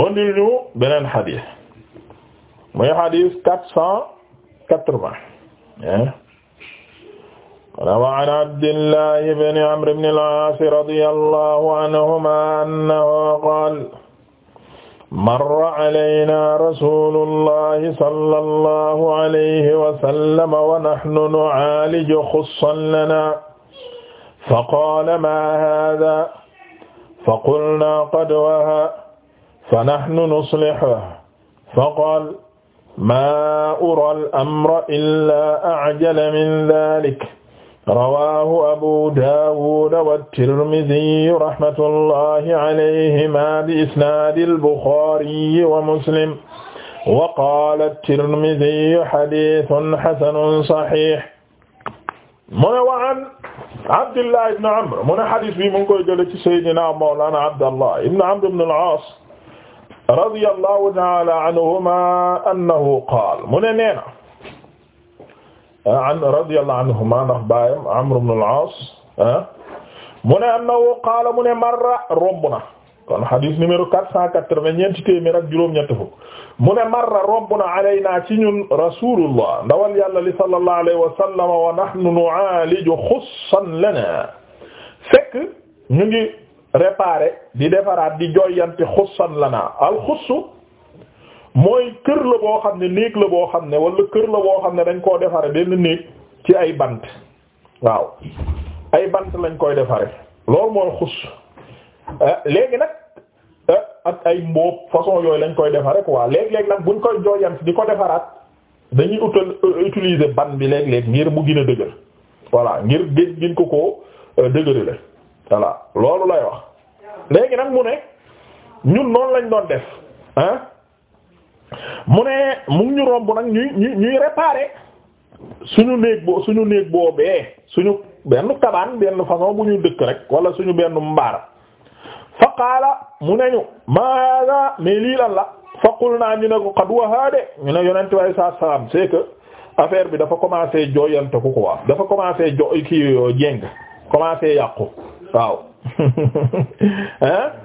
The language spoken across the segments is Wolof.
moo di ñu beneen xadiis muy xadiis quatre cent quatre-vingts rawa an abdillahi bni amri bni al-aas radiyallahu anhuma annahu qaala marra alayna rasulullahi sallallahu alayhi wa sallam wa nahnu nu'aaliju xussan lanaa faqaala maa haazaa faqulnaa qad wahaa fa nahnu nuslihuhu fa qaala maa uraa al-amra illaa a'jala min dhaalika rawaahu abu daawuud wat-tirmidhii rahmatullahi alayhimaa bi isnaadi al-buxaari wa muslim wa qaala at-tirmidhii hadiithun hasanun sahiih mu ne wa an Abdullah ibn Amr mu ne hadiis bi mu ngi koy jëlee ci sayyidinaa mawlaanaa Abdallah ibn Amr ibn al-Aas radiyallahu ta'ala anhuma annahu qaal mu ne nee na an radiyallahu anhuma ndax baayam Amr ibn al-Aas ah, mu ne annahu qaala mu ne marra romb na kon xadis numéro quatre cent quatre-vingt ñeenti téeméer ak juróom-ñett fukk mu ne marra romb na alaynaa ci ñun rasulullah ndawal yàlla li sallallahu alayhi wa sallam wa nahnu nu'aaliju xussan lanaa fekk ñu ngi réparer di defaraat di joyanti xussan lana al xussu mooy kër la boo xam ne néeg la boo xam ne wala kër la boo xam ne dañ koo defare benn néeg ci ay bant waaw ay bant lañ koy defare loolu mooy xuss eh, léegi nag eh, ak ay mbóob façon yooyu lañ koy defare quoi léeg-léeg nag buñ koy joyant di ko defaraat dañuy utal eh, utiliser ban bi léeg-léeg ngir mu gën a dëgër voilà ngir gën gin ko ko dëgëri la voilà loolu lay wax léegi nag mu ne ñun noonu lañ doon def ah mu ne mu ngi ñu romb nag ñuy ñuy ñuy suñu néeg boo suñu néeg boobee suñu benn kabaan benn façon bu ñu dëkk rek wala suñu benn mbaar fa mu ne ñu maada mais lii lan la faqul naa ñu ne ko qad wahaade ñu ne yonent way saa salaam c'est affaire bi dafa commencé jooyante ku quoi dafa commencé jo kii jeng commencé yàqu waaw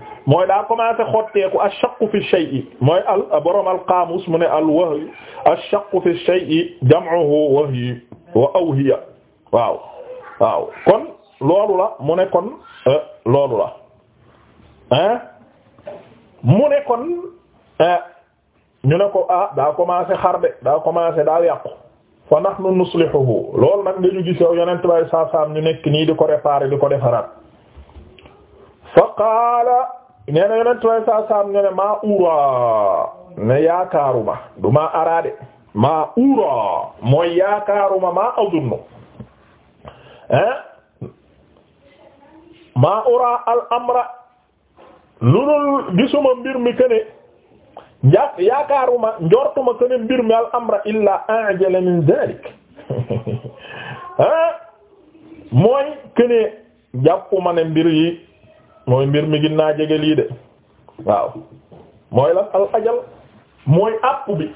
mooy daa commencé xotteeku ash-shaqqu fi shay'i mooy al borom al qaamus mu ne al wahyu ash-shaqqu fi shay'i jam'uhu wahyu wa awhiya waaw waaw kon loolu la mu ne kon euh, loolu la ah mu ne kon euh, ñu ne ko ah daa commencé xarbe daa commencé daal yàqu fa nahnu nuslihuhu loolu nag dañu gis yow yonent bay saa saam ñu nekk nii di ko réparer di ko defaraat fa qaala nee na yonent way saa saam ne maa uraa ne yaakaaruma du maa araade maa uraa mooy yaakaaruma maa adunnu ah maa uraa al amra lu dul gisuma mbir mi këne ja yaakaaruma njortuma këne mbir mi al amra illaa min dalik ah mooy këne jàppuma ne mbir mooy mbir mi gin naa jege lii de waaw mooy la al ajal mooy àpp bi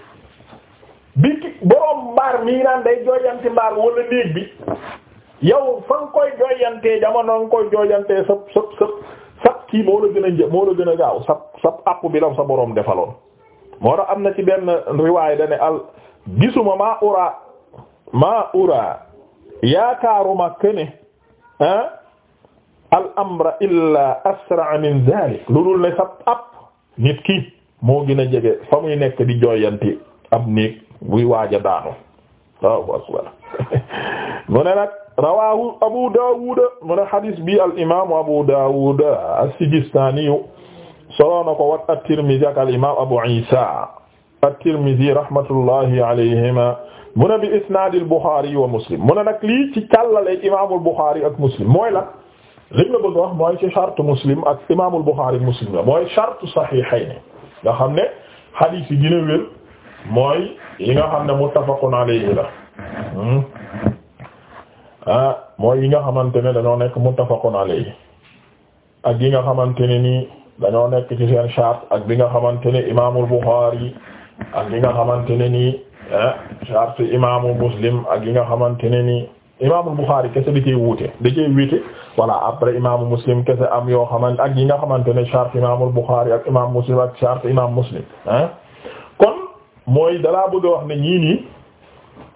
bi boroom mbaar mii naan day jooyanti mbaar wala néeg bi yow fa koy jooyantee jamono nga koy jooyantee sab sab sab sab kii gën a një moo gën a gaaw sab sab àpp bi la sa boroom defaloon moo tax am na ci benn riwaay da ne al gisuma maa uraa maa uraa yaakaaruma këne ah al amra illa asraa min dalik lu dul ne sa ab nit ki moo gën a jege fa muy nekk di jooyanti ab néeg buy waaja daanu Allahu akbar mu ne nag rawahu Abu Dawud mu ne hadis bi al Abu Dawud as-Sijistaniyu soloo na ko wat at-Tirmidhi ak al imaam Abu Isa at-Tirmidhi rahmatullahi alayhima mu ne bi isnaad al Bukhari wa Muslim mu ne nag lii ci càllale imaamul Bukhari ak Muslim mooy la liñ la bëgg wax mooy ci charte muslim ak imaamul Buxaari muslim la mooy charte saxiixayni nga xam ne xadiis yi gën a wér mooy yi la hmm? ah mooy yi nga xamante ne dañoo nekk muttafaqun alayhi ak yi nga xamante ne nii dañoo nekk ci seen charte ak bi nga xamante ne imaamul Buxaari ak yi nga xamante ne nii ah charte imaamu muslim ak yi nga xamante ne nii. imaamul Buxaari kese da cee wuute da cee wuute voilà après imaamu Muslim kese am yoo xamante ak yi nga xamante ne charte imaamul Buxaari ak imaam Muslim ak charte imaam Muslim ah kon mooy dalaa bëgg wax ne ñii nii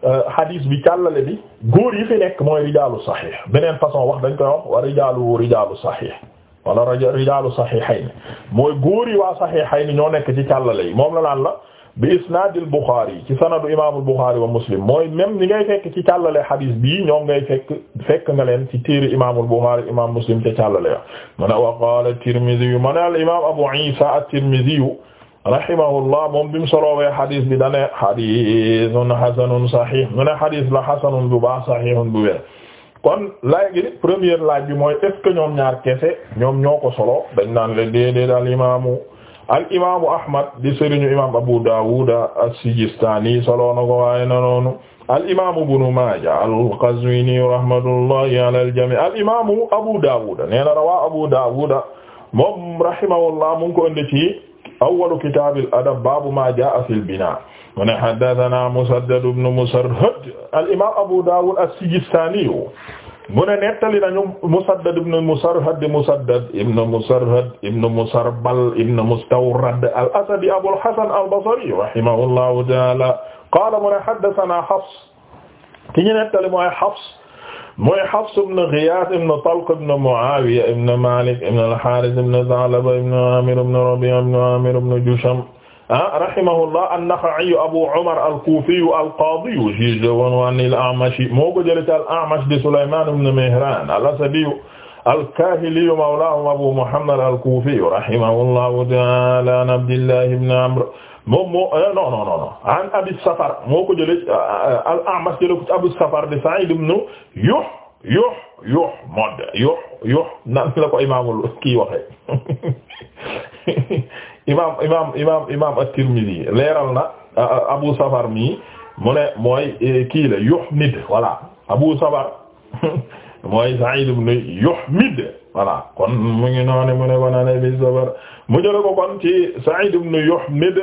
euh, hadis bi càllale bi góor yi fi nekk mooy rijaalu saxiix beneen façon wax dañ ko wax wa rijaalu rijaalu saxiix wala rijaalu saxiixayni mooy góor yi waa saxiixayni ñoo nekk ci càllale yi moom la naan la. bi isnaadil Buxaari ci sanadu imaamul Buxaari wa Muslim mooy même ni ngay fekk ci càllale xadiis bii ñoom ngay fekk fekk nga leen ci téere imaamul Buxaari imaam Muslim ca càllale ya mu ne wa qaala Tirmiziyu ma ne al imaam Abu Iisa at-Tirmiziyu rahimahullah moom bi mu soloowee xadiis bi dane xadiisun xasanun saxiix mu ne xadiis la xasanun bu baax saxiixun bu wér kon laaj gi première laaj bi mooy est ce que ñoom ñaar kese ñoom ñoo ko solo dañ naan le déedéet al imaamu al imaamu Ahmad di sëriñu imaam Abu Dawud as-Sijistani solo na ko waaye na noonu al imaamu Ibnu Maaja al-Qazwini rahmatullahi ala al-jamii al imaamu Abu Dawud nee na rawaa Abu Dawud moom rahimahullah mu ngi ko indi ci awwalu kitaabil adab baabu maa jaa'a fil binaa mu ne haddathanaa Musaddad ibnu Musarhad al imaam Abu Dawud as-Sijistani mu ne nettali nañu Musaddad ibn Musarhad Musaddad ibn Musarhad ibn Musarbal ibn Mustawrad al-Asadi Abul Hasan al-Basri rahimahullahu ta'ala qaala mu ne haddathana Hafs ki ñu nettali mooy Hafs mooy Hafs ibn Ghiyath ibn Talq ibn Mu'awiya ibn Malik ibn al-Harith ibn Tha'laba ibn Amir ibn Rabi' ibn Amir ibn Jusham Ah, rahimahullah an-Nakha'i Abu Umar al-Kufi al-Qadi juge de woon waan al-A'mash moo ko jëlee ci al-A'mash di Sulayman ibn Mihran al-Asadi al-Kahili mawlahum Abu Muhammad al-Kufi rahimahullahu ta'ala an Abdillah ibn Amr moom moo eh, non non non an Abi Safar moo ko jëlee eh, al-A'mash jëlee ko ci Abu Safar di Sa'id ibn Yuh Yuh Yuh Mod Yuh Yuh nan la ko imaamul kii waxee imaam imaam imaam imaam at-Tirmidhi leeral na Abu Safar mii mu ne mooy e, kii la Yuhmid voilà Abu Safar mooy Sa'id ibn Yuhmid voilà kon mu ngi noonu mu ne ko naan bi Safar mu jële ko kon ci Sa'id ibn Yuhmid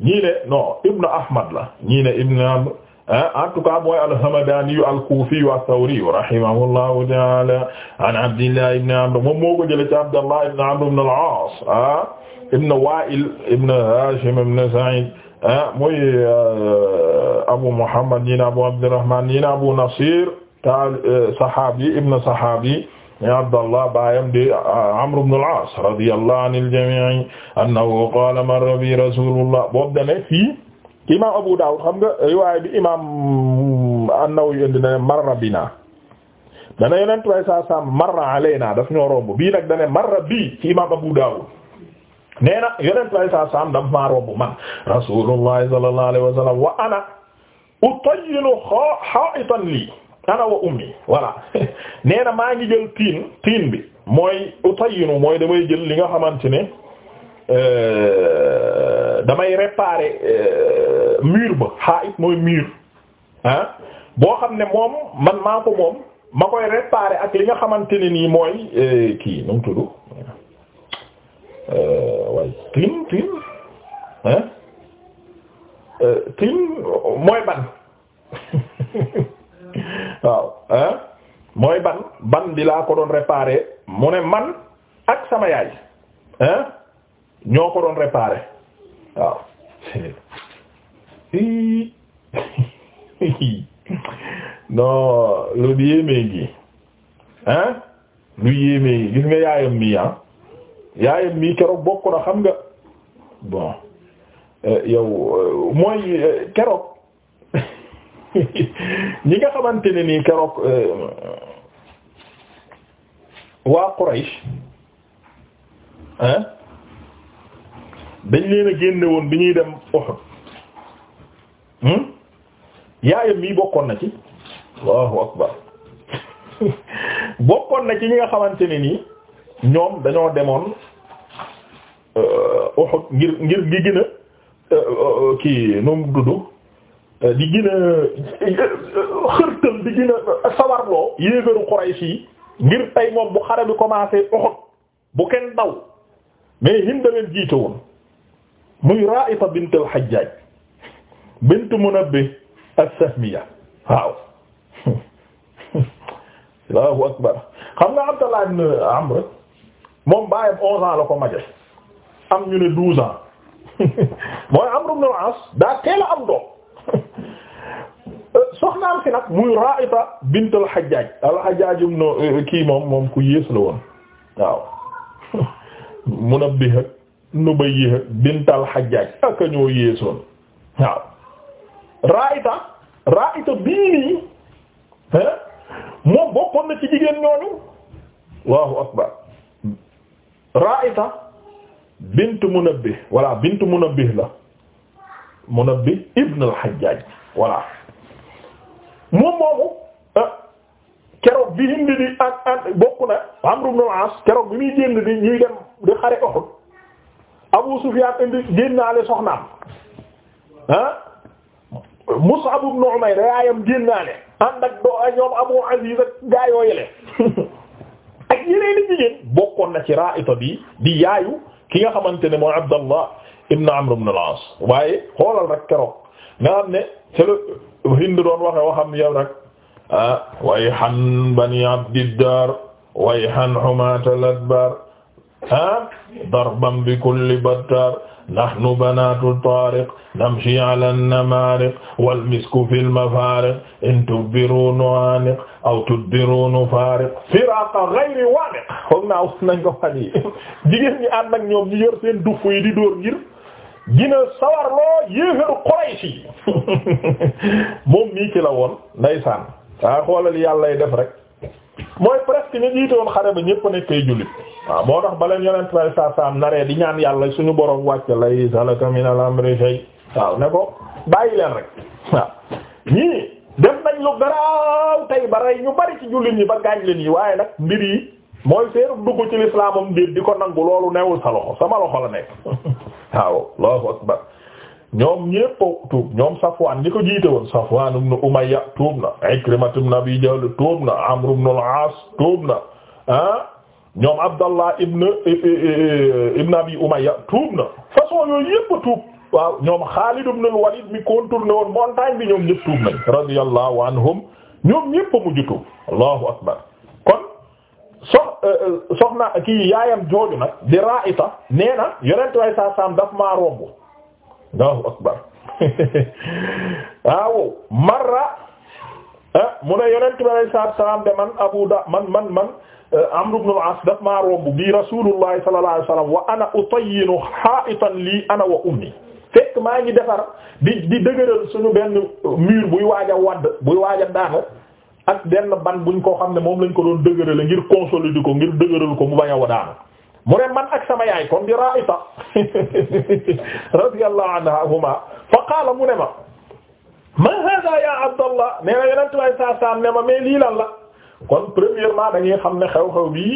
ñii ne non Ibn Ahmad la ñii ne Ibn Amr en tout cas mooy al-Hamadaniyu al-Kufiyu ath-Thawriyu rahimahullahu ta'ala an Abdillah ibn Amr moom moo ko jële ci Abdallah ibn Amr ibn al-As ibn Wa'il ibn Hashim ibn Sa'id ah, muy ah, Abu Muhammad ñi ne Abu Abdurrahman ñi ne Abu Nasir ta eh, sahabi ibn sahabi ya Abdallah baayam di ah, Amr ibn al-As radiyallahu anil jami' annahu qala marra bi rasulullah boobu dane fii imam Abu Dawud xam nga riwaaya bi imam an-Nawawi indi na marra bina dana yonent way sa sam marra alayna daf ñoo romb bii nag dane marra bi ci imam Abu Dawud nee na yonent saa saam daf maa man rasulullah sallallahu alayhi wa sallam wa ana utayyinu ha'itan lii ana wa ummi voilà nee na maa ngi jël tiin tiin bi mooy utayyinu mooy damay jël li nga xamante ne euh, damay réparer euh, mur ba ha'it mooy mur ah boo xam ne moom man maa ko moom ma koy réparer ak li nga xamante ne nii mooy euh, kii nu mu way tin tin ah tin mooy ban waaw ah mooy ban ban bi laa ko doon réparer mu ne man ak sama yaay ah ñoo ko doon réparer waaw non lu yéemee gi ah lu yéemee gi gis nga yaayam mi yaayam mii keroog bokk xam nga bon euh, yow euh, mooy euh, keroog ñi nga xamante ne nii keroog waa Quraysh hein dañ leen a génne woon bi ñuy dem Uhud hmm? yaayam mii bokkoon na ci Allahu akbar bokkoon na ci ñi nga xamante ne nii ñoom dañoo demoon euh, Uhud ngir ngir gi gën a kii dudd di gën a euh, euh, xërtal di gën a sawarloo yéegaru Quraysh ngir tey moom bu xare bi commencé Uhud bu kenn daw mais Hind leen jiite woon muy Ra'ita bint al bint Munabbih as-Sahmiya waaw akbar xam nga Abdallah ibn Amr moom baayam onze la ko maje am ñu ne douze ans mooy Amr ibn al-As daa teel am doom soxnaam si nag muy Ra'ita bint al-Hajjaj al-Hajjaj ibn eh, kii moom moom ku yées la woon waaw Munabbih ak Nubayh bint al-Hajjaj ak ñoo yéesoon waaw Ra'ita Ra'ita bii nii eh, moom bokkoon na ci jigéen ñooñu Allahu akbar Raa'ita bint Munabbih walla bint Munabbih la Munabbih ibn al-Hajjaj walla moom moomu ah, keroog bi Hind di bokk na Amr ibn al bi muy génn di ñuy dem di xare Uhud Abu Sufyaan génnaale soxnaam ah Mus'ab ibn Umayr yaayam génnaale ànd ak doo ñoom Abu Aziz ak gaa yoo ak yeneen i jigéen bokkoon na ci raita bi di yaayu ki nga xamante ne mooy Abdallah ibn Amr ibn al-As waaye xoolal rek keroog nga xam ne ca la Hind doon waxe waxam yow rek ah wayhan bani abdiddar wayhan humata ladbar ah darban bi kulli battar nahnu banatu tariq namshi ala an-namariq wal misku fil mafariq in tubbiru nuaniq aw tuddirunu fariq firaqa ghayri waamiq foog naa wax nañ ko fan yi jigéen ñi ànd ak ñoom ñu yor seen dufu yi di dóor ngir gina sawarloo yéeféru Quraysh yi moom nii ci la woon ndeysaan waaw xoolal yàlla def rek mooy presque ñu jiite xare ba ñëpp nekk ay jullit waaw moo tax baleen yonent bay saa saam naree di ñaan yàlla suñu borom wàcc lay salaka min al waaw ne ko bàyyi leen rek waaw ñii def nañ lu garaaw tey ba rey ñu bari ci jullit ñi ba gaañ leen yi waaye nag mbir yi mooy seeru dugg ci di ko nangu loolu newul sa loxo sama loxo la nekk waaw allahu akbar ñoom ñépp tuub ñoom jiite woon Safwaan ibn Umayya tuub na Ikrimah ibn Abi Jahl tuub na Amr ibn al-Aas ah, ibn eh, eh, eh, ibn Abi Umayya tuub na façon yooyu yépp waaw ñoom Xaalid ibn walid mi contourné woon montagne bi ñoom ñëpp tuub nañ radiyallahu anhum ñoom ñëpp a mujj tuub allahu euh, euh, Raa'ita nee yonent way saa saam daf maa romb allahu akbar waaw marra ah, mu ne yonent bi alayhi salaatu wa salaam de man abu da man man man euh, Amr as daf maa romb bi Rasulullah sallallahu wa sallam wa ana utayyinu haa'itan ana wa ummi fekk maa ngi defar di di dëgëral suñu benn mur buy waaj a wadd bu waaj a daanu ak benn ban buñ ko xam ne moom lañ ko doon dëgërale ngir consolider ko ngir dëgëral ko mu bañ a daanu mu ne man ak sama yaay kon di Raa'ita radiyallahu anhuma fa qaala mu ne ma ma hada ya Abdallah nee na yenentu way saa saam ne ma mais lii lan la kon premièrement dañuy xam ne xew-xew bi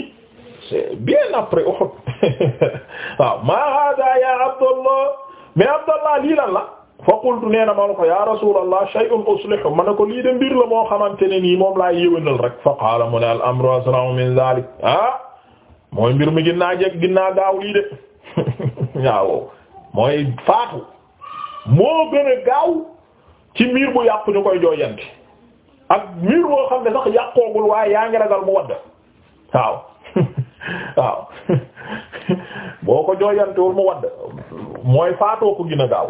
c'est bien après Uhud waaw ma hada ya Abdallah mais Abdallah lii la fa qultu nee na ko ya rasulallah shay'un uslihu ma ne ko lii de moo xamante ne nii moom la yëwénal rek fa qaala mu ne al amru asra'u min zalik ah mooy mbir mi ginnaa jeg ginnaa gaaw lii de waaw mooy faatu moo gën gaaw ci miir bu yàqu ñu koy jooyanti ak miir boo xam ne sax yàqoogul waaye yaa ngi mu wadd waaw boo ko jooyantewul mu wadd mooy faatoo ko gën a gaaw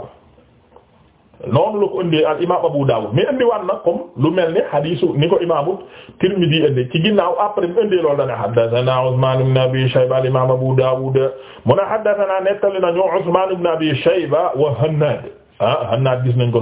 noonu al imaam Abu Dawud mais indi waat nag lu mel ni hadiisu ni ko imaamu Tirmidhi indi ci ginnaaw après mu indi loolu dana haddathana Usmaan ibn Abi Shayba al imaam Abu Dawud mu ne haddathana nettali nañu Usmaan ibn Abi Shayba wa Hannaad ah Hannaad gis nañ ko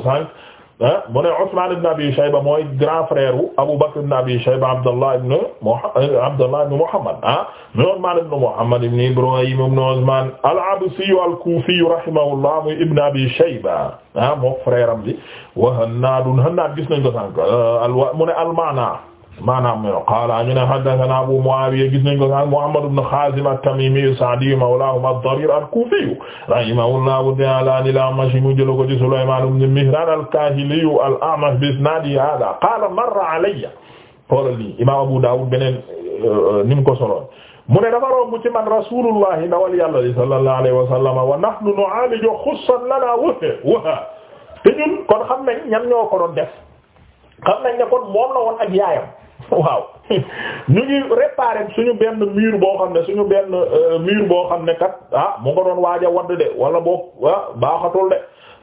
mu ne Usman ibn Abi Shayba mooy grand frère wu Abu Bakr ibn Abi Shayba Abdallah euh, ibn Muhammad Abdallah ibn Muhammad ah Usman ibn Muhammad ibn Ibrahim ibn Usman al-Absi al-Kufi rahimahullah muy ibn Abi Shayba ah moo frère am bi wa Hannad Hannad gis nañ ko sànq euh, al mu ne al-ma'na maanaam qaala ñu ne haddathana Abu Muawiya gis nañ ko nga Muhammad ibn Khazim at-Tamimi as-Sa'di mawlahum ad-Darir al-Kufi rahimahullahu ta'ala al-A'mash mu jël ko ci Sulayman ibn Mihran al-Kahili al-A'mash bi isnadi hada qaala marra alayya xoolal lii Imam Abu Dawud beneen euh, ni mu ko solo mu ne dafa romb ci man Rasulullah dawal Yàlla sallallahu alayhi wa sallam wa nahnu nu'aliju khussan lana waha te ñun kon xam nañ ñan ñoo ko doon def xam nañ ne kon moom la woon ak yaayam waaw ñu ngi réparé suñu benn mur boo xam ne suñu benn euh, mur boo xam ne kat ah mu nga doon waaj a wadd de wala boo ah baaxatul de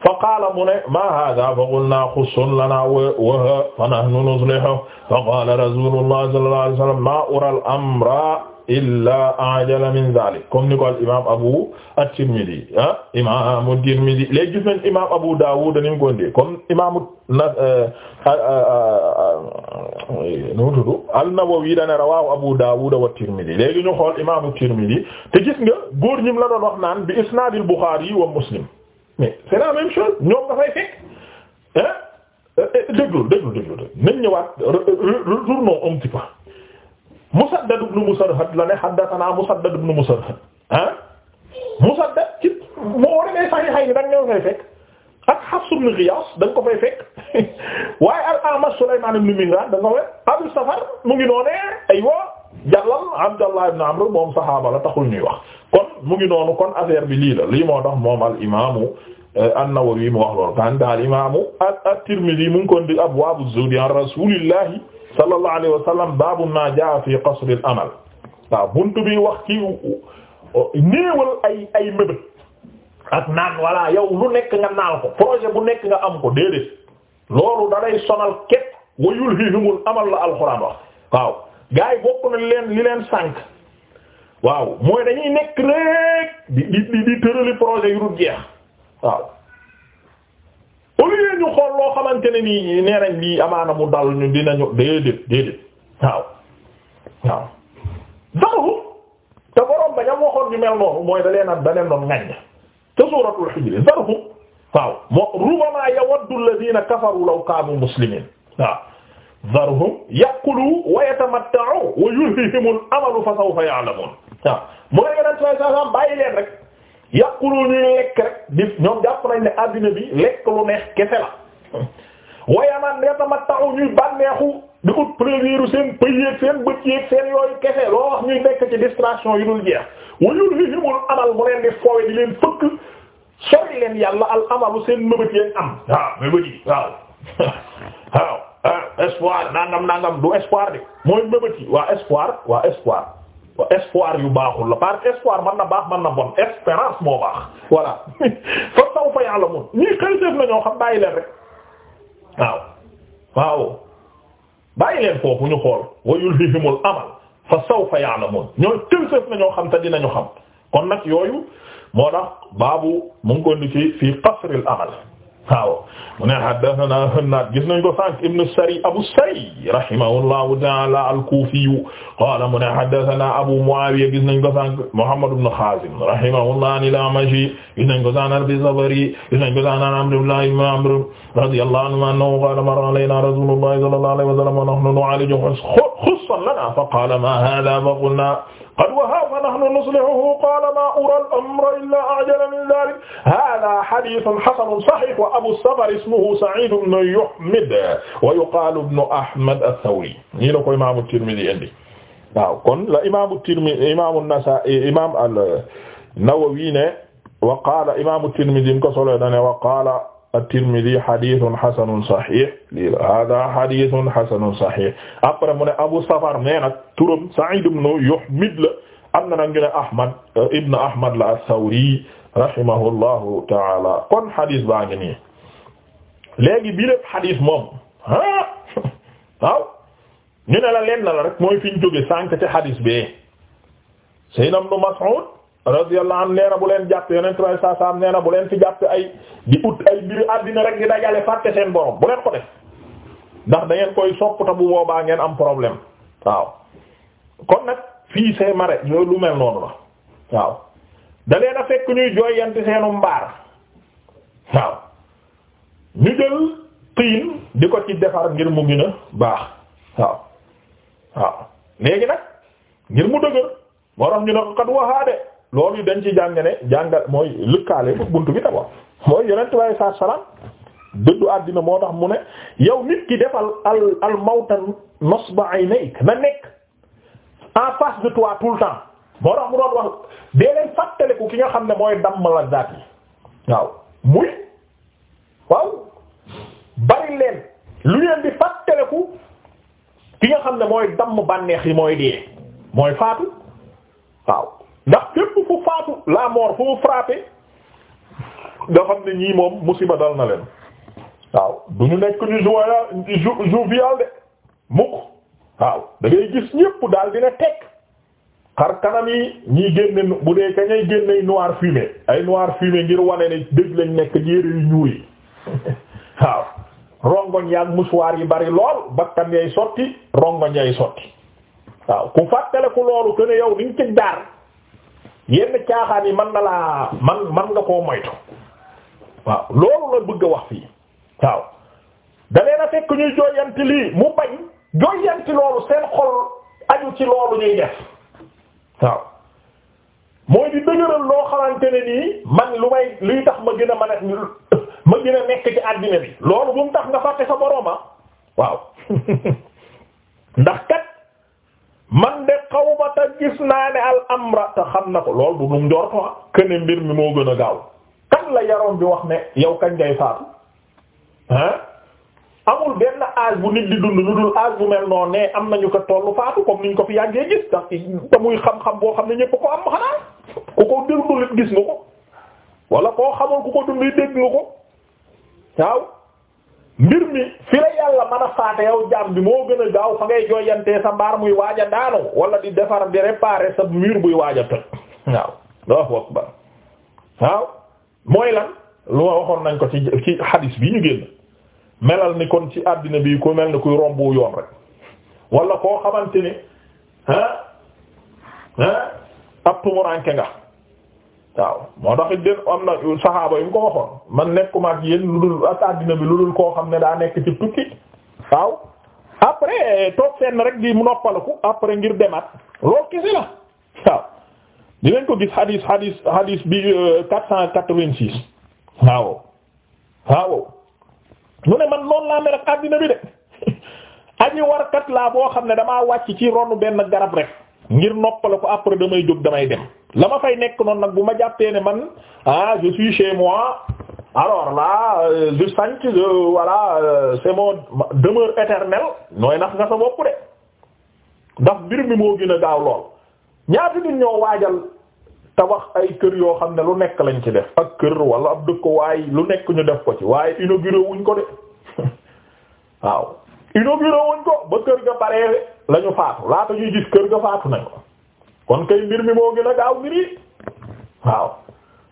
fa qaala mu ne ma hada fa qulna xussun lana waha fa nahnu nuslihu fa qala rasulullah sallallahu alayhi wasallam ma ura al amra illa ajala min zalik comme ni ko al imam abu at-tirmidhi ah imam at-tirmidhi léegi gis nañ abu dawud ni mu ko euh, euh, euh, nu xool imam at-tirmidhi te gis nga góor ñim la bi isnad al-bukhari wa muslim mais c'est la même chose ñoom dafay Musaddad ibn Musarhad la ne haddathana Musaddad ibn Musarhad ah Musaddad ci moo demee Sahihayni da nga fay fekk ak Hafs ibn Ghiyaas da nga ko fay fekk waaye al-A'mash Sulaymaan ibn Mihraan da nga ko Abu Safar mu ngi noonee aywa Jallal Abdallah ibn Amr moom saxaaba la taxul ñuy wax kon mu ngi noonu kon affaire bi lii la lii moo tax moom al imaamu eh, mu wax lool kan daal imaamu at-Tirmidhi mu ngi kon di abwaabu zuhdi an Rasuulillahi sallallahu alayhi wa sallam baabu ma jaa fi qasr al amal wax ci néewal ay ay yow lu nekk nga naan projet bu nekk nga am ko déedéet loolu da lay sonal képp wa yulhihimul amal la alxuraan wax waaw gars yi bokk na li leen sànq waaw mooy dañuy nekk rek di di di yu dul jeex au lieu ñu xool loo xamante ne nii nee nañ lii amaana mu dal ñu dinañu déedéet déedéet waaw waaw daxaru te borom bañam waxoon ñu mel noonu mooy da leena da leen doon ŋàññ te suuratul Hijr zarhum waaw moo rubamaa yawaddu alladhina kafaru law kaanu muslimiin waaw zarhum yaqulu wa yatamatta'u wa yulhihimul amalu fa sawfa ya'lamuun waaw mu ne yonent sallallahu alayhi wasallam bàyyi leen rek yàqulu ñuy lekk rek di ñoom jàpp nañ ne àddina bi lekk lu neex kese la wayamaan netama taxu ñuy bànneexu di ut plaisiru seen pëyeeg seen bët yeeg seen yooyu kese loo wax ñuy nekk ci distraction yu dul jeex wayul li himul amal mu leen di foowe di leen fëkk sori leen yàlla al amalu seen mëbët yeen am waaw mëbët yi waaw waaw espoir nangam nangam du espoir de mooy mëbët yi waa espoir waa espoir espoir yu baaxul la par espoir man na baax man na bon espérance moo baax voilà fa sawfa ya'lamun ñii xëy def ñoo xam bàyyi leen rek waaw waaw bàyyi leen foofu ñu xool wa yulhihimul amal fa sawfa ya'lamun ñooy xëy def la ñoo xam te dinañu xam kon nag yooyu moo baabu mu ngi ko indi ci waaw mu ne haddathana Hannaad gis nañ ko sànq ibnu Sari Abu Sari rahimahullahu ta'ala al-Kufi qaala mu ne haddathana Abu Muawiya gis nañ ko sànq Muhammad ibn Khazim rahimahullah al-Amashi gis nañ ko sànq Abi Safari gis nañ ko sànq Amr ibn Amr radiyallahu anhu annahu qaala marra alaynaa rasuulullahi sallallahu alayhi wa sallam wa nahnu nu'aaliju khussan lanaa fa qaala maa haadhaa fa qulnaa qad wahaa fa nahnu nuslihuhu qaala maa ura al-amra illaa a'jala min dhaalik haadaa hadiithun hasanun sahiih wa abu as-Sabar ismuhu Sa'iid ibn Yuhmid wa yuqaalu ibnu Ahmad ath-Thawri nii la ko imaamu Tirmidhi indi waaw kon la imaamu Tirmidhi imaamu Nasaa'i imaam an-Nawawi ne wa qaala imaamu Tirmidhi ko solo na ne wa qaala at-Tirmidhi hadithun hasanun sahih la hada hadithun hasanun sahih après mu ne Abu Safar nee nag turam Sa'id ibn Yuhmid la am na nag ñu ne Ahmad euh, ibn Ahmad la as-Sawri rahimahullahu ta'ala kon hadith baa ngi nii léegi moom ah waaw la lenn la rek mooy fi ñu jógee sànq ci hadith bee Sayyidina radiyallahu anhu nee na bu leen jàpp yonent bi saa saam nee na bu leen fi jàpp ay di ut ay mbiri àddina rek di dajale fàtte seen borom bu leen ko def ndax da ngeen koy soppata bu boobaa ngeen am problème waaw kon nag fii see mare lu mel noonu la waaw da leen a fekk ñuy jooyanti seenu mbaar waaw ñu jël tiin di ko ci defar ngir mu gën a baax waaw waaw léegi nag ngir mu dëgër moo ñu ne ko kat waxaa de loolu dañ ci jàng ne mooy lëkkaale bu buntu bi d'abord mooy yonent bi alayhi salaatu salaam dëddu àddina moo tax mu ne yow nit ki defal al al mawta nasba aynayk na nekk en face de toi tout le temps moo tax mu doon wax dee leen fàttaliku ki nga xam ne mooy damm la zaat yi waaw muy waaw bari leen lu leen di fàttaliku ki nga xam ne mooy damm bànneex yi mooy dee mooy faatu waaw ndax képp fu faatu la mort fu mu frappé nga xam ne ñii moom musiba dal na leen waaw du ñu nekk ñu joya jovial de mukk waaw da gis ñépp daal dina teg xar kanam yi ñii génne bu dee ka ñay génne noir fumé ay noir fumé ngir wane ne dëgg lañ nekk yére yu ñuul yi waaw rongoñ yaag musuwaar yi bari lool bakkan yay sotti rongoñ yay sotti waaw ku fàttale ku loolu te ne yow diñ ci jaar yenn caaxaan yi man na laa man man nga koo moytu waaw loolu la bëgg a wax fii waaw da leen a fekk ñuy jooyanti lii mu bañ jooyanti loolu seen xol aju ci loolu ñuy def waaw mooy di dëgëral loo xamante ne nii man lu may luy tax ma gën a man a ma gën a nekk ci àddina bi loolu bu mu tax nga fàtte sa borooma ah. waaw ndax kat man de xaw ma te gis naa ne al amra xam na ko lool du nu njorto këne ah. mbir mi moo gën a gaaw kan la yaroon bi wax ne yow kañ ngay faatu ah amul benn âge bu nit di dund lu dul âge bu mel noonu ne am nañu ko tollu faatu comme niñ ko fi yàggee gis tax te xam-xam boo xam ne ñépp ko am xanaa ku ko dundul it gis nga ko wala koo xamul ku ko dund dégg nga ko waaw mbir mi fi la yàlla a faate yow jaam bi moo gën a gaaw fa ngay jooyantee sa mbaar muy waaj a daanu wala di defar di réparer sa mur buy waaj a tëj waaw Allahu akbar waaw mooy lu ma waxoon nañ ko ci ci hadis bi ñu génn melal ni kon ci àddina bi ku mel ni kuy romb yoon rek wala koo xamante ni ah ah ab nga waaw moo tax it am na saxaaba yu mu ko waxoon man nekkuma ak yéen lu dul ak àddina bi lu dul koo xam ne daa nekk ci tukki waaw après toog seen rek di mu noppalaku après ngir demaat loolu kese la waaw dinañ ko gis hadis hadis hadis bi 486 euh, waaw waaw mu ne man noonu laa mel ak àddina bi de aji warkat laa boo xam ne damaa wàcc ci ronu benn garab rek ngir noppalaku après damay jóg damay dem. la ma fay nekk noonu nag bu ma jàppee ne man ah je suis chez moi alors là euh, je sens que euh, voilà euh, c'est mon demeure éternelle nooy nax nga sa bopp de ndax mbir mi moo gën a gaaw lool ñaata nit ñoo waajal tabax ay kër yoo xam ne lu nekk lañ ci def ak kër wala ab dëkk waaye lu nekk ñu def ko ci waaye inauguré wuñ ko de waaw inauguré wuñ ko ba kër ga paree la ñu faatu laata ñuy gis kër ga faatu nañ kon kay mbir mi moo gën a gaaw mbir yi waaw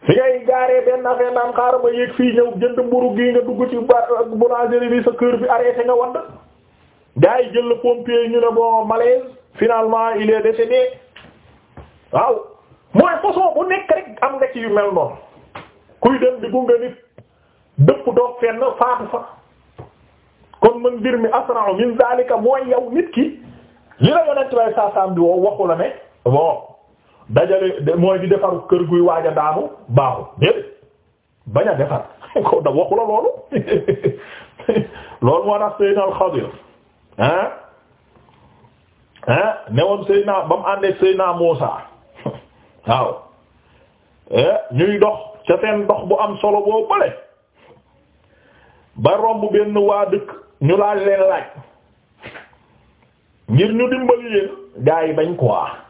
fi ngay gaaree benn affaire naan xaaral ma yéeg fii ñëw jënd mburu gi nga dugg ci boulangerie bi sa kër bi arrêté nga wadd gars yi jël le ñu ne bon malaise finalement il est waaw mooy façon bu nekk rek am nga ci yu mel noonu kuy dem di gunge nit dëpp doog fenn faatu fa kon man mbir mi asra'u min zalika mooy yow nit ki li la yonent bay saasaam bi waxu la ne bon dajale mooy di defaru kër guy waaj a daanu baaxul déedéet bañ a defar ko da waxu loolu loolu moo tax Seydina Al-Xadir ah ne woon Seydina ba mu àndee Seydina Muusaa waaw eh, ñuy dox ca seen dox bu am solo boo bële ba romb benn waa dëkk ñu laal leen laaj ngir ñu dimbali leen gaa yi bañ quoi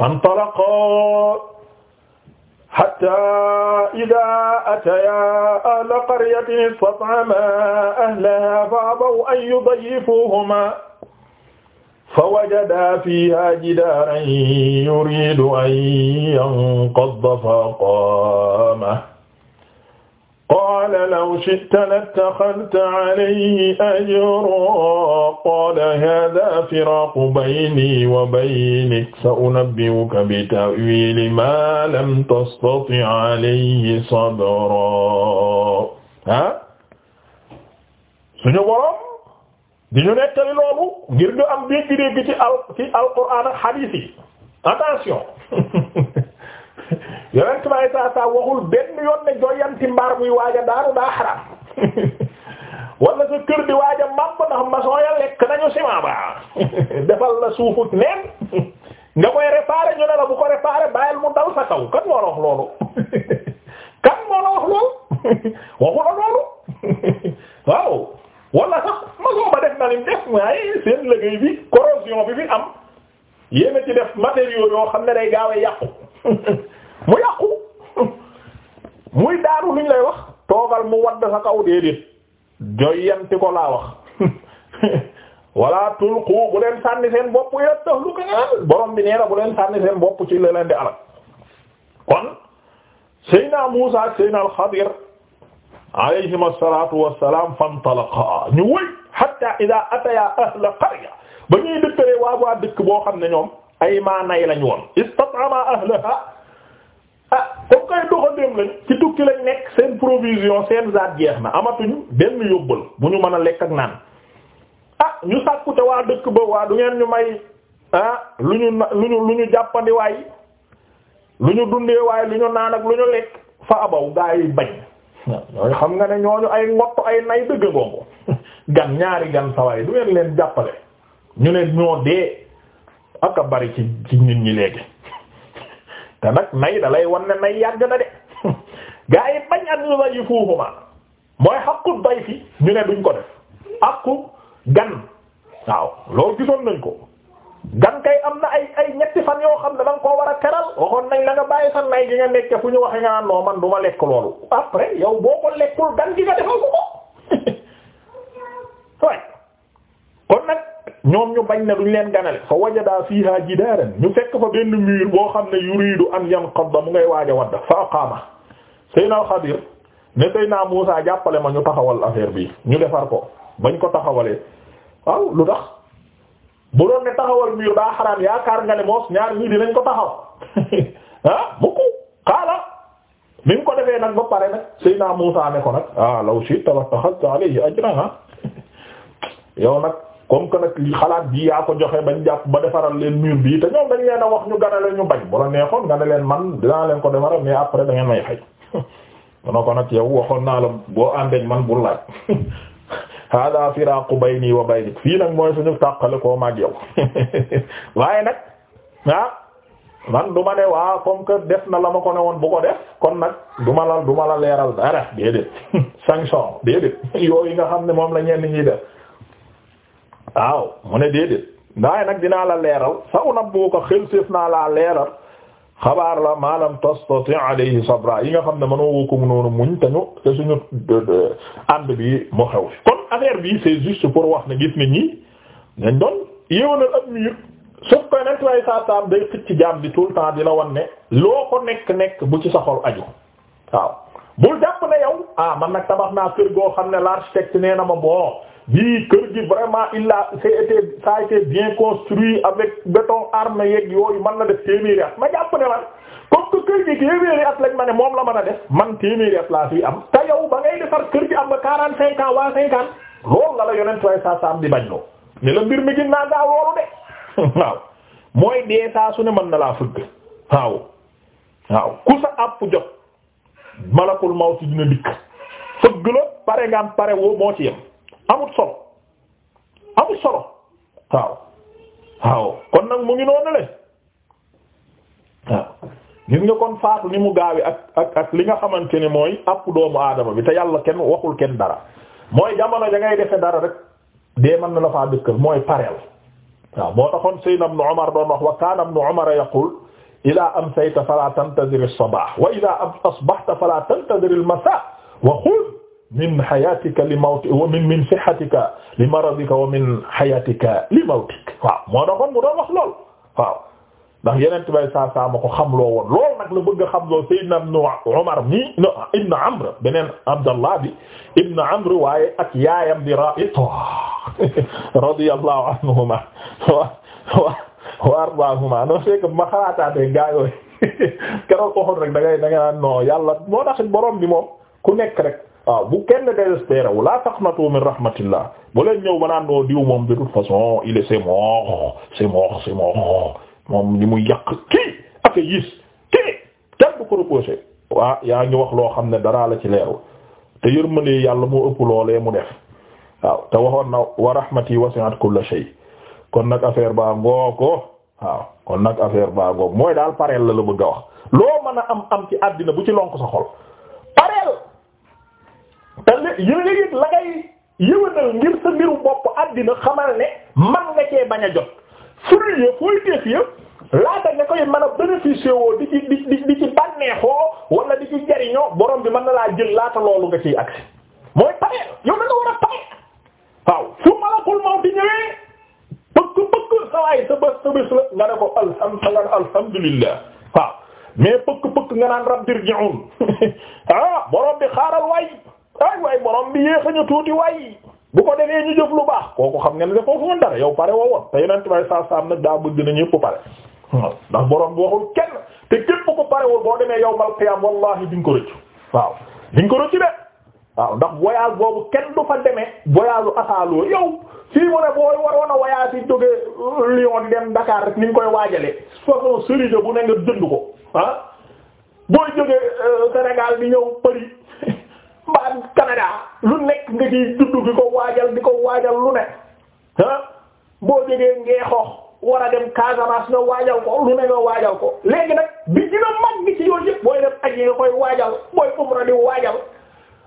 fantalaqaa hattaa idaa atayaa ahla qaryatin istat'amaa ahlahaa fa'abaw an yudayyifuuhumaa fawajadaa fiihaa jidaaran yuriidu an yanqadda faqaamahu qaala law shi'ta lattaxadta alayhi ajran qaala haaza firaaqu bayni wa baynik sa-unabbi'uka bi-ta'wiili maa lam tastati' alayhi sabraa ah suñu boroom di ñu nettali loolu ngir ñu am dégg-dégg ci al ci alquraan ak hadiis yi attention yonent bi alayhi salaatu waxul benn yoon ne joyanti mbaar muy waaja daaru daa xaraam wala sa kër di waaja màmp ndax maçon ya lekk nañu ciment ba defal la suufut neen nga koy réparer ñu ne la bu ko réparer bàyyil mu dal sa kaw kan moo la wax loolu kan moo la wax loolu waxu loolu waaw wala sax maçon ba def na lim def waaye seen liggéey bi corrosion bi fi am yéena ci def matériaux yoo xam ne day gaawe yàqu mu yàqu muy daaru luñ lay wax toogal mu wadd sa kaw déedéet joyanti ko laa wax wala tulqu bu leen sànni seen bopp ila bi nee na leen sànni ci la leen di alal kon Seyna Muusa ak Seyna al-Xadir alayhim as-salaatu was-salaam fantalaqa ñu wëy hatta ahla qarya ba ñuy dëkkalee waa waa dëkk boo xam ne ñoom ay maa nay lañ woon istat'ama ahlaha comme kay doxandéem lañ ci tukki lañ nekk seen provision seen zaat jeex na amatuñ ñu yóbbal bu ñu mën a lekk ak naan ah ñu sàkku waa dëkk ba waa du ngeen ñu may ah lu ñu lu ñu lu ñu jàppandi waay lu ñu dundee waay lu ñu naan ak lu ñu lekk fa abaw gaa yi bañ ñooy xam nga ne ñooñu ay ngott ay nay dëgg ngongo gan ñaari gan sawaay du ngeen leen jàppale ñu ne ñoo dee aka bari ci ci nit ñi léegi te nag nay da lay wan ne nay yàgg na de gaa yi bañ ak ñu lay fuuxuma mooy xaqu bay fi ñu ne duñ ko def aqu gan waaw loolu gisoon nañ ko gan kay am na ay ay ñetti fan yoo xam ne da nga koo war a teral waxoon nañ la nga bàyyi fan nay gi nga nekke fu ñu waxe nga naan noo man du ma lekk loolu après yow boo ko lekkul gan gi nga defal ko ko ñoom ñu bañ na duñ leen ganale fa wajada fiha jidaaran ñu fekk fa benn mur boo xam ne am yuridu an yanqadda mu ngay waaj a wadda fa aqaama Seydina Xadir ne Seydina Muusa jàppale ma ñu taxawal affaire bii ñu defar ko bañ ko taxawalee waaw lu tax bu doon ne taxawal mur daa xaraam yaakaar nga ne moos ñaar ñii dinañ ko taxaw ah mukku xaala mi ngi ko defee nag ba pare nag Seydina Muusa ne ko nag ah law shi'ta lattaxadta alayhi ajran ah. yow nag comme que nag xalaat bii yaa ko joxe bañ jàpp ba defaral leen mur bi te ñoom dañ leen a wax ñu ganale ñu bañ bu neexoon nga leen man dinaa leen ko defaral mais après da ngeen may xëy mano ko nag yow waxoon naa la boo àndeñ man bul laaj hada firaqu bayni fii nag mooy suñu tàqale koo maag yow waaye nag ah man du ma ne waa comme que def na la ma ko ne woon bu ko def kon nag du ma la du ma la leeral dara déedéet sanction déedéet yooyu nga xam ne moom la ñeen ñenn ñi def waaw mu ne déedéet waaye nag dinaa la leeral sa unabbuka xel séef naa laa leeral xabaar la ma lam tastati alayhi sabra yi nga xam ne mënoo woo ko noonu muñ te bi mu xew kon affaire bi c'est juste pour wax ne gis ne ñi dañ doon yéwénal ab miir suuf koy nekk lay saa saam day xëcc jaam bi tout le temps di la wan loo ko nekk nekk bu ci sa xol aju waaw bul jàpp ne yow ah man nag tabax naa kër xam ne l'architecte nee na ma bon jii kër gi vraiment il a été ça a été bien construit avec béton armé yeeg yooyu mën na def téeméeri at ma jàpp ne man comme que kër gi at lañ ma ne moom la man a def man téeméeri at laa fi am te yow ba ngay defar kër gi am nga quarante cinq waa cinquante loolu nga la yonent way sa sam di bañ loo ne la mbir mi gën naa gaaw loolu de waaw mooy dee saa su ne mën na laa fëgg waaw waaw ku sa àpp jot malakul mawt dina dikk fëgg la pare nga am amut solo amut solo waaw kon nag mu ngi noonu le waaw gis nga kon faatu ni mu gaawi ak ak li nga xamante ne mooy àpp doomu aadama bi te yàlla kenn waxul kenn dara mooy jamono da ngay defe dara rek dee mën na la faa dëkkal mooy pareel waaw moo taxoon Seydina Ibn Umar doon wax wa kaana Ibn Umar yaqul ila amsayta fala tantazir as-sabah wa ila asbahta fala tantazir al-masa wa min hayatika li mawtika wa min min sihhatika li maradika wa min hayatika li mawtika waaw moo taxoon mu doon wax lool waaw ndax yeneen tubay saa saa ma ko xamloo woon lool nag la bëgg a xamloo Seydina ibn Umar mi ibn Amr beneen Abdallah bi ibn Amr waaye ak yaayam di Ra'ita radiyallahu anhuma wa ardaahuma non c'est que ma xalaataatee gaa yooyu keroog waxoon rek da ngay da ngay naan non yàlla moo tax borom bi moom ku nekk rek. waaw bu kenn désespéré wu la taqnatu min rahmatillah bu leen ñëw ba naan noo diw moom de toute façon il est c'est mort moom ni muy yàq kii ak a kii kenn du ko reposé waa yaa ngi wax loo xam ne daraa la ci leeru te yërmande yàlla moo ëpp loolee mu def waaw te waxoon na wa rahmati wasi'at shay kon nag affaire baa ngoo ko waaw kon nag affaire baa ngoo mooy daal pareel la la bëgg a wax loo mën a am am ci àddina bu ci lonk sa xol pareel yéen nga yëg la ngay yëwanal ngir sa mbiru bopp àddina xamal ne man nga cee bañ a jot fruit ya fooy teef ya laata nga koy mën a bénéficier woo di ci di di ci bànneexoo wala di ci jariñoo borom bi mën na laa jël laata loolu nga ciy agsi mooy pare yow da nga war a pare waaw su malakul mawt di ñëwee bëgg bëgg sa waay sa bés sa bés la nga ne ko alhamdulilah alhamdulilah waaw mais bëgg bëgg nga naan rabbi irji'un ah, borom bi xaaral waay. ay waay borom bi yéex a ñu tuuti waay bu ko defee ñu jëf lu baax kooku xam nga ne dafa foofu woon dara yow pare woo te yeneen tubaab saa saa am nag daa bëgg na ñëpp pare waaw ndax borom bi waxul kenn te képp ko parewul boo demee yow mal qiyaam wallahi di ko rëccu waaw di nga ko rëccu de waaw ndax voyage boobu kenn du fa demee voyage u asaaloo yow fii mu ne booy waroon a yi jóge euh, Lyon di dem ndakaar rek ni nga koy waajalee façon cerise bu ne nga jënd ko ah booy jóge euh, Sénégal mbaan Canada lu nekk nga ciy juddu di ko waajal di ko waajal lu ne ah boo jógee ngeexoox war a dem Casamance nga waajal ko lu ne nga waajal ko léegi nag bi dina mag bi ci yoon yëpp booy dem aji nga koy waajal booy umra di waajal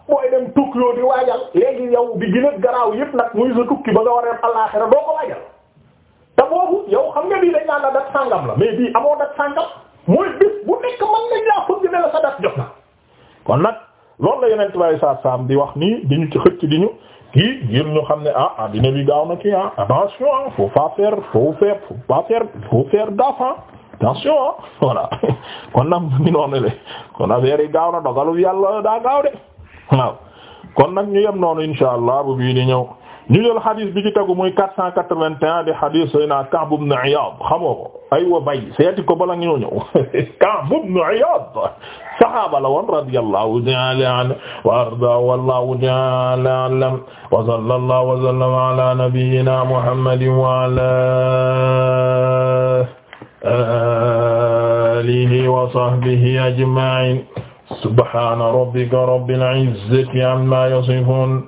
booy dem Tokyo di waajal léegi yow bi gën a garaaw yëpp nag muy sa tukki ba nga war a dem àllaxira doo ko waajal te boobu yow xam nga bii dañ naan la dat sàngam la mais bii amoo dat sàngam mooy bis bu nekk mën nañ laa lool la yeneen tubaab yi saa saam di wax nii di ñu ci xëcc di ñu kii ngir ñu xam ne ah addina ah bi gaaw na kii ah attention ah faut pas faire faut ah attention ah kon nag ñu noonu le kon affaire yi gaaw na dogalu yàlla daa gaaw de waaw kon nag ñu yem noonu insha allah bu bii ñëw. ñu jël xadis bi ci tegu muy 481 di xadis sayna Ka'b ibn Iyad xamoo ko aywa bay seeti ko bala ñoo ñëw Ka'b ibn Iyad saxaaba la woon radiyallahu ta'ala anhu wa arda wallahu ta'ala a'lam wa sallallahu wa sallama ala nabiyyina Muhammadin wa ala alihi wa sahbihi ajma'in subhana rabbika rabbil izzati amma yasifun